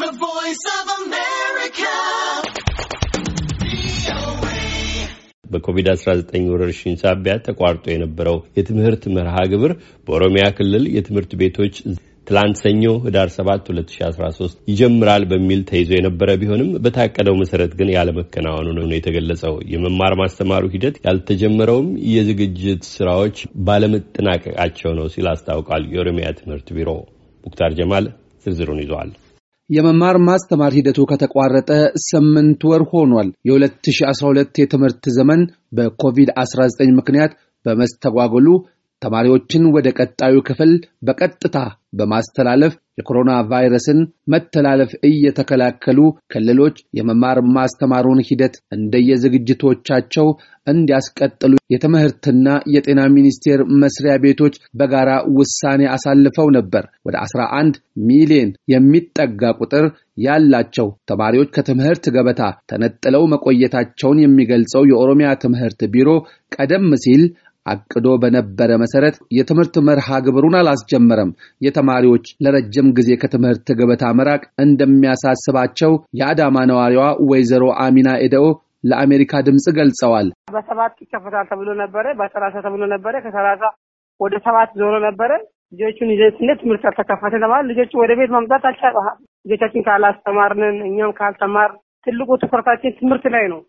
The Voice of America. በኮቪድ-19 ወረርሽኝ ሳቢያ ተቋርጦ የነበረው የትምህርት መርሃ ግብር በኦሮሚያ ክልል የትምህርት ቤቶች ትላንት ሰኞ ህዳር 7 2013 ይጀምራል በሚል ተይዞ የነበረ ቢሆንም በታቀደው መሰረት ግን ያለመከናወኑ ነው የተገለጸው። የመማር ማስተማሩ ሂደት ያልተጀመረውም የዝግጅት ስራዎች ባለመጠናቀቃቸው ነው ሲል አስታውቋል የኦሮሚያ ትምህርት ቢሮ። ሙክታር ጀማል ዝርዝሩን ይዟል። የመማር ማስተማር ሂደቱ ከተቋረጠ ስምንት ወር ሆኗል። የ2012 የትምህርት ዘመን በኮቪድ-19 ምክንያት በመስተጓጎሉ ተማሪዎችን ወደ ቀጣዩ ክፍል በቀጥታ በማስተላለፍ የኮሮና ቫይረስን መተላለፍ እየተከላከሉ ክልሎች የመማር ማስተማሩን ሂደት እንደየዝግጅቶቻቸው እንዲያስቀጥሉ የትምህርትና የጤና ሚኒስቴር መስሪያ ቤቶች በጋራ ውሳኔ አሳልፈው ነበር። ወደ 11 ሚሊዮን የሚጠጋ ቁጥር ያላቸው ተማሪዎች ከትምህርት ገበታ ተነጥለው መቆየታቸውን የሚገልጸው የኦሮሚያ ትምህርት ቢሮ ቀደም ሲል አቅዶ በነበረ መሰረት የትምህርት መርሃ ግብሩን አላስጀመረም። የተማሪዎች ለረጅም ጊዜ ከትምህርት ገበታ መራቅ እንደሚያሳስባቸው የአዳማ ነዋሪዋ ወይዘሮ አሚና ኤደኦ ለአሜሪካ ድምፅ ገልጸዋል። በሰባት ይከፈታል ተብሎ ነበረ፣ በሰላሳ ተብሎ ነበረ። ከሰላሳ ወደ ሰባት ዞሮ ነበረ። ልጆቹን ይዘ ስንሄድ ትምህርት አልተከፈተ ለማለት ልጆቹ ወደ ቤት መምጣት አልቻ ልጆቻችን ካላስተማርንን እኛም ካልተማር ትልቁ ትኩረታችን ትምህርት ላይ ነው።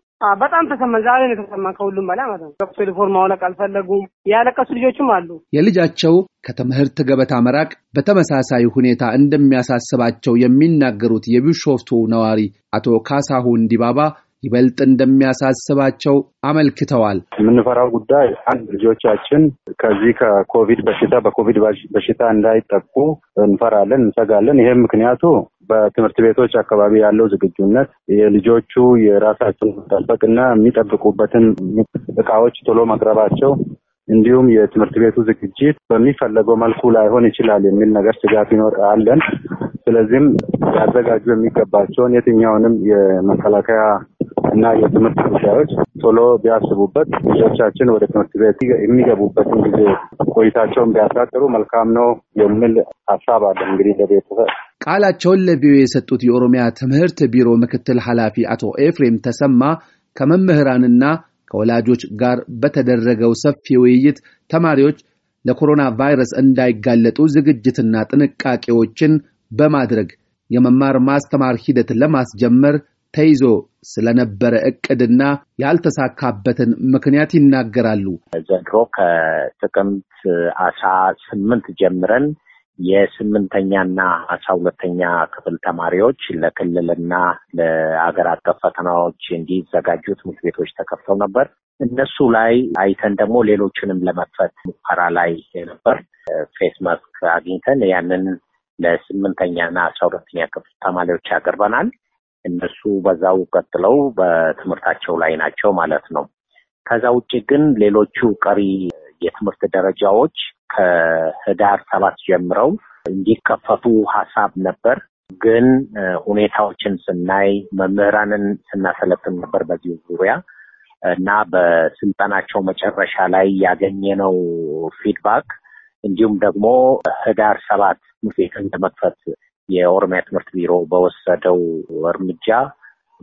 በጣም ተሰማን። ዛሬ ነው የተሰማን ከሁሉም በላይ ማለት ነው። ለቅሶ ዩኒፎርም ማውለቅ አልፈለጉም። ያለቀሱ ልጆችም አሉ። የልጃቸው ከትምህርት ገበታ መራቅ በተመሳሳይ ሁኔታ እንደሚያሳስባቸው የሚናገሩት የቢሾፍቱ ነዋሪ አቶ ካሳሁን ዲባባ ይበልጥ እንደሚያሳስባቸው አመልክተዋል። የምንፈራው ጉዳይ አንድ ልጆቻችን ከዚህ ከኮቪድ በሽታ በኮቪድ በሽታ እንዳይጠቁ እንፈራለን፣ እንሰጋለን። ይህም ምክንያቱ በትምህርት ቤቶች አካባቢ ያለው ዝግጁነት የልጆቹ የራሳቸውን መጠበቅና የሚጠብቁበትን እቃዎች ቶሎ መቅረባቸው እንዲሁም የትምህርት ቤቱ ዝግጅት በሚፈለገው መልኩ ላይሆን ይችላል የሚል ነገር ስጋት ይኖር አለን። ስለዚህም ያዘጋጁ የሚገባቸውን የትኛውንም የመከላከያ እና የትምህርት ጉዳዮች ቶሎ ቢያስቡበት ልጆቻችን ወደ ትምህርት ቤት የሚገቡበትን ጊዜ ቆይታቸውን ቢያሳጥሩ መልካም ነው የሚል ሀሳብ አለ። እንግዲህ ለቤተሰብ ቃላቸውን ለቪኦኤ የሰጡት የኦሮሚያ ትምህርት ቢሮ ምክትል ኃላፊ አቶ ኤፍሬም ተሰማ ከመምህራንና ከወላጆች ጋር በተደረገው ሰፊ ውይይት ተማሪዎች ለኮሮና ቫይረስ እንዳይጋለጡ ዝግጅትና ጥንቃቄዎችን በማድረግ የመማር ማስተማር ሂደትን ለማስጀመር ተይዞ ስለነበረ እቅድና ያልተሳካበትን ምክንያት ይናገራሉ። ዘንድሮ ከጥቅምት አስራ ስምንት ጀምረን የስምንተኛና አስራ ሁለተኛ ክፍል ተማሪዎች ለክልልና ለአገር አቀፍ ፈተናዎች እንዲዘጋጁ ትምህርት ቤቶች ተከፍተው ነበር። እነሱ ላይ አይተን ደግሞ ሌሎችንም ለመክፈት ሙከራ ላይ ነበር። ፌስ ማስክ አግኝተን ያንን ለስምንተኛና አስራ ሁለተኛ ክፍል ተማሪዎች ያቅርበናል። እነሱ በዛው ቀጥለው በትምህርታቸው ላይ ናቸው ማለት ነው። ከዛ ውጭ ግን ሌሎቹ ቀሪ የትምህርት ደረጃዎች ከህዳር ሰባት ጀምረው እንዲከፈቱ ሀሳብ ነበር። ግን ሁኔታዎችን ስናይ መምህራንን ስናሰለጥን ነበር በዚህ ዙሪያ እና በስልጠናቸው መጨረሻ ላይ ያገኘነው ፊድባክ እንዲሁም ደግሞ ህዳር ሰባት ትምህርት ቤትን ለመክፈት የኦሮሚያ ትምህርት ቢሮ በወሰደው እርምጃ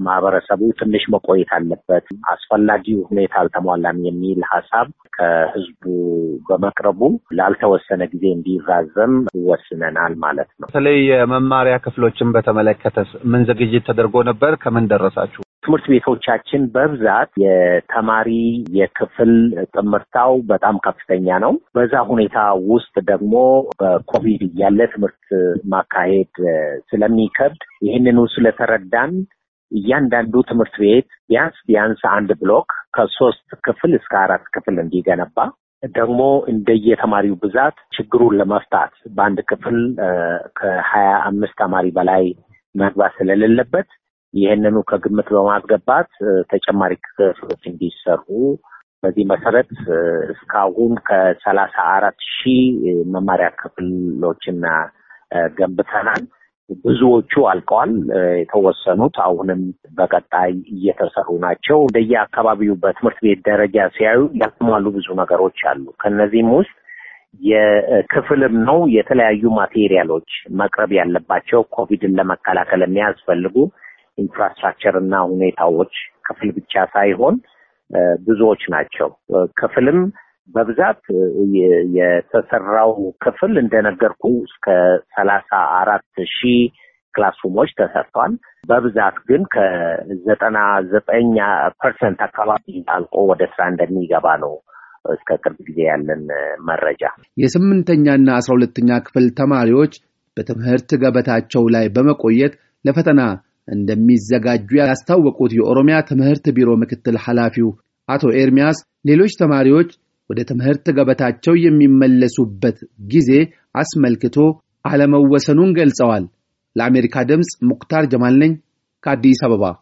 ማህበረሰቡ ትንሽ መቆየት አለበት፣ አስፈላጊው ሁኔታ አልተሟላም የሚል ሀሳብ ከህዝቡ በመቅረቡ ላልተወሰነ ጊዜ እንዲራዘም ወስነናል ማለት ነው። በተለይ የመማሪያ ክፍሎችን በተመለከተ ምን ዝግጅት ተደርጎ ነበር? ከምን ደረሳችሁ? ትምህርት ቤቶቻችን በብዛት የተማሪ የክፍል ጥምርታው በጣም ከፍተኛ ነው። በዛ ሁኔታ ውስጥ ደግሞ በኮቪድ እያለ ትምህርት ማካሄድ ስለሚከብድ ይህንኑ ስለተረዳን እያንዳንዱ ትምህርት ቤት ቢያንስ ቢያንስ አንድ ብሎክ ከሶስት ክፍል እስከ አራት ክፍል እንዲገነባ ደግሞ እንደየተማሪው ብዛት ችግሩን ለመፍታት በአንድ ክፍል ከሀያ አምስት ተማሪ በላይ መግባት ስለሌለበት ይህንኑ ከግምት በማስገባት ተጨማሪ ክፍሎች እንዲሰሩ በዚህ መሰረት እስካሁን ከሰላሳ አራት ሺህ መማሪያ ክፍሎችና ገንብተናል። ብዙዎቹ አልቀዋል። የተወሰኑት አሁንም በቀጣይ እየተሰሩ ናቸው። እንደየ አካባቢው በትምህርት ቤት ደረጃ ሲያዩ ያልተሟሉ ብዙ ነገሮች አሉ። ከነዚህም ውስጥ የክፍልም ነው የተለያዩ ማቴሪያሎች መቅረብ ያለባቸው ኮቪድን ለመከላከል የሚያስፈልጉ ኢንፍራስትራክቸር እና ሁኔታዎች ክፍል ብቻ ሳይሆን ብዙዎች ናቸው። ክፍልም በብዛት የተሰራው ክፍል እንደነገርኩ እስከ ሰላሳ አራት ሺህ ክላስሩሞች ተሰርተዋል። በብዛት ግን ከዘጠና ዘጠኝ ፐርሰንት አካባቢ አልቆ ወደ ስራ እንደሚገባ ነው እስከ ቅርብ ጊዜ ያለን መረጃ። የስምንተኛና አስራ ሁለተኛ ክፍል ተማሪዎች በትምህርት ገበታቸው ላይ በመቆየት ለፈተና እንደሚዘጋጁ ያስታወቁት የኦሮሚያ ትምህርት ቢሮ ምክትል ኃላፊው አቶ ኤርሚያስ ሌሎች ተማሪዎች ወደ ትምህርት ገበታቸው የሚመለሱበት ጊዜ አስመልክቶ አለመወሰኑን ገልጸዋል። ለአሜሪካ ድምፅ ሙክታር ጀማል ነኝ ከአዲስ አበባ